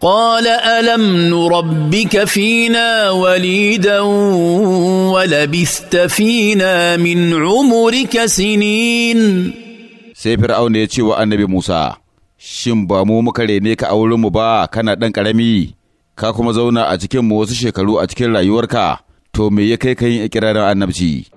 قال الم نربك فينا وليدا ولبثت فينا من عمرك سنين sai fir'auna ya ce wa annabi musa shin ba mu muka rene ka a wurinmu ba kana ɗan ƙarami ka kuma zauna a cikinmu wasu shekaru a cikin rayuwarka to me ya kai ka yin ikirarin annabci